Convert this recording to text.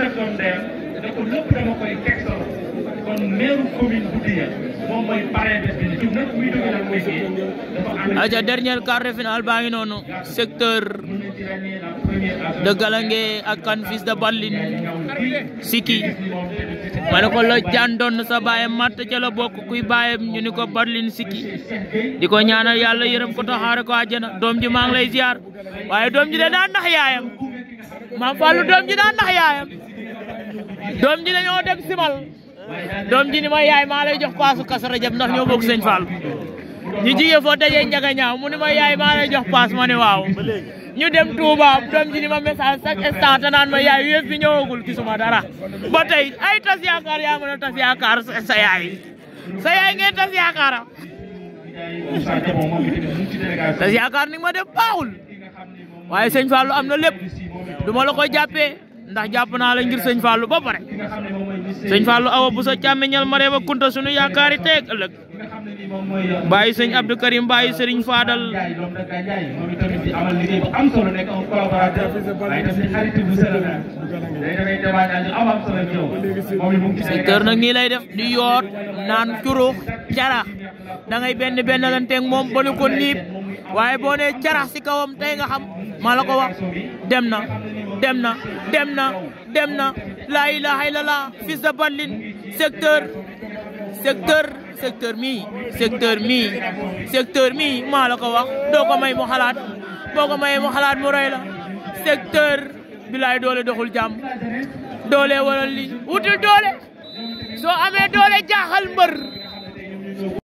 aja ak doon dem ne ko dernier quart de finale baa secteur de galangé ak kan fils de balline Siki ma ne ko loj jaan sa baye mat ci la bok kuy baye ñu ni ko Balin Siki diko ñaanal yalla yeeram ko taxaare ko aljana dom ji maa ngi lay ziar waye dom ji de daan ndax yaayam maam Fallou doom ji daan nax yaayam doom ji dañoo dem simal doom ji ni ma yaay maa lay jox paasu Kazu Rajab ndax ñoo bokk sëñ Fallou ñu jige foo dajee njaga mu ni ma yaay maa lay jox paas ma ne ñu dem Touba doom ji ni ma message chaque naan ma yaay yëf bi ñëwagul gisuma dara ba ay tas yaakaar yaa mën a tas yaakaar sa yaay sa yaay ngeen tas yaakaara tas yaakaar ni ma def baaxul waaye sëñ Fallou am na lépp duma la koy jappé ndax japp na la ngir sëñ Fallou ba pare sëñ Fallou awa bu sa chamignal ma ba kunta sunu yakari teeg ëlëk bàyyi sëñ Abdou Karim bàyyi sëriñ Fadal sëñ kër nag nii lay def di yor nan turu jara da ngay benn benn lanteeg moom ba lu ko niib waaye boo nee carax si kawam tay nga xam maa la ko wax dem na dem na dem na dem na laa ilaha illallah fils de Batling secteur secteur secteur mii secteur mii secteur mii maa la ko wax doo ko may mu xalaat ko mayee mu xalaat mu roy la secteur bilaay doole doxul jàmm doole waral li wutul doole soo amee doole jaaxal mbër